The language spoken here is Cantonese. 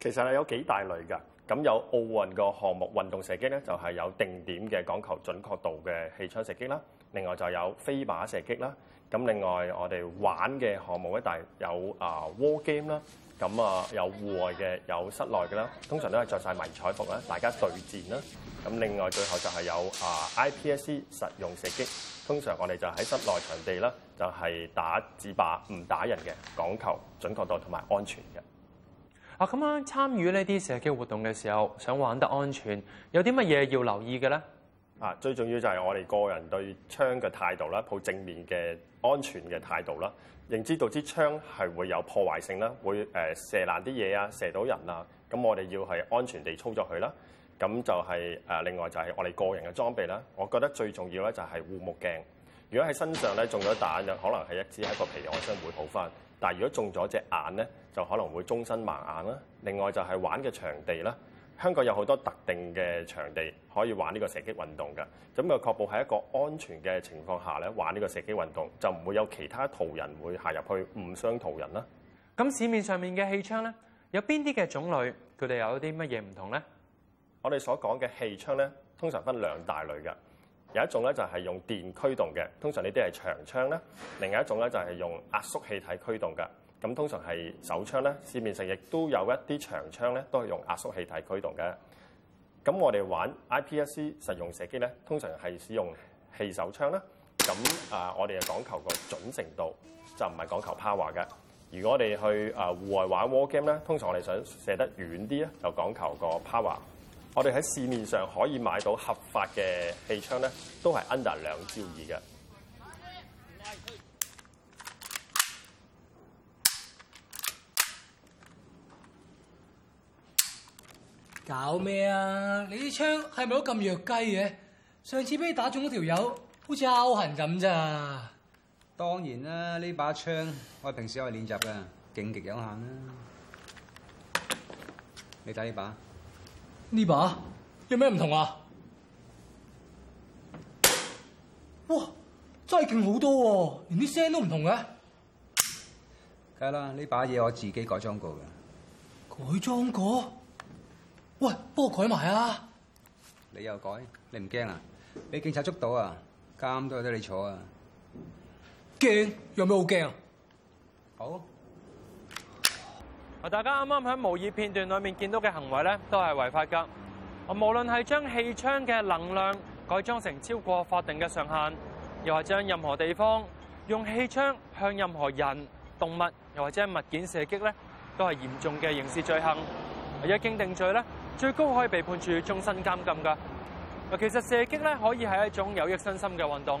其實係有幾大類㗎，咁有奧運個項目運動射擊咧，就係有定點嘅講求準確度嘅氣槍射擊啦。另外就有飛靶射擊啦。咁另外我哋玩嘅項目咧，大有啊 war game 啦。咁啊有戶外嘅有室內嘅啦，通常都係著曬迷彩服啦，大家對戰啦。咁另外最後就係有啊 IPSC 實用射擊，通常我哋就喺室內場地啦，就係打紙靶，唔打人嘅，講求準確度同埋安全嘅。啊咁樣參與呢啲射擊活動嘅時候，想玩得安全，有啲乜嘢要留意嘅咧？啊，最重要就係我哋個人對槍嘅態度啦，抱正面嘅安全嘅態度啦，認知道支槍係會有破壞性啦，會誒、呃、射爛啲嘢啊，射到人啊，咁我哋要係安全地操作佢啦。咁就係、是、誒、啊，另外就係我哋個人嘅裝備啦。我覺得最重要咧就係護目鏡。如果喺身上咧中咗彈，有可能係一支喺個皮外傷會好返。但如果中咗隻眼咧，就可能會終身盲眼啦。另外就係玩嘅場地啦，香港有好多特定嘅場地可以玩呢個射擊運動嘅，咁就確保喺一個安全嘅情況下咧玩呢個射擊運動，就唔會有其他途人會行入去誤傷途人啦。咁市面上面嘅氣槍咧，有邊啲嘅種類？佢哋有啲乜嘢唔同咧？我哋所講嘅氣槍咧，通常分兩大類嘅。有一種咧就係用電驅動嘅，通常呢啲係長槍啦；另外一種咧就係用壓縮氣體驅動嘅，咁通常係手槍啦。市面上亦都有一啲長槍咧，都係用壓縮氣體驅動嘅。咁我哋玩 IPSC 實用射擊咧，通常係使用氣手槍啦。咁啊，我哋係講求個準程度，就唔係講求 power 嘅。如果我哋去啊戶外玩 war game 咧，通常我哋想射得遠啲咧，就講求個 power。我哋喺市面上可以買到合法嘅氣槍咧，都係 under 兩招二兩焦耳嘅。搞咩啊？你啲槍係咪都咁弱雞嘅？上次俾你打中嗰條友，好似拗痕咁咋？當然啦，呢把槍我平時係練習嘅，勁極有限啊。你打呢把。呢把有咩唔同啊？哇，真係勁好多喎，啊，連啲聲都唔同嘅。梗係啦，呢把嘢我自己改裝過嘅。改裝過？喂，幫我改埋啊！你又改？你唔驚啊？俾警察捉到啊？監都有得你坐啊？驚？有咩好驚啊？好。大家啱啱喺模擬片段裏面見到嘅行為咧，都係違法噶。啊，無論係將氣槍嘅能量改裝成超過法定嘅上限，又或者任何地方用氣槍向任何人、動物，又或者物件射擊咧，都係嚴重嘅刑事罪行。一經定罪咧，最高可以被判處終身監禁噶。其實射擊咧可以係一種有益身心嘅運動。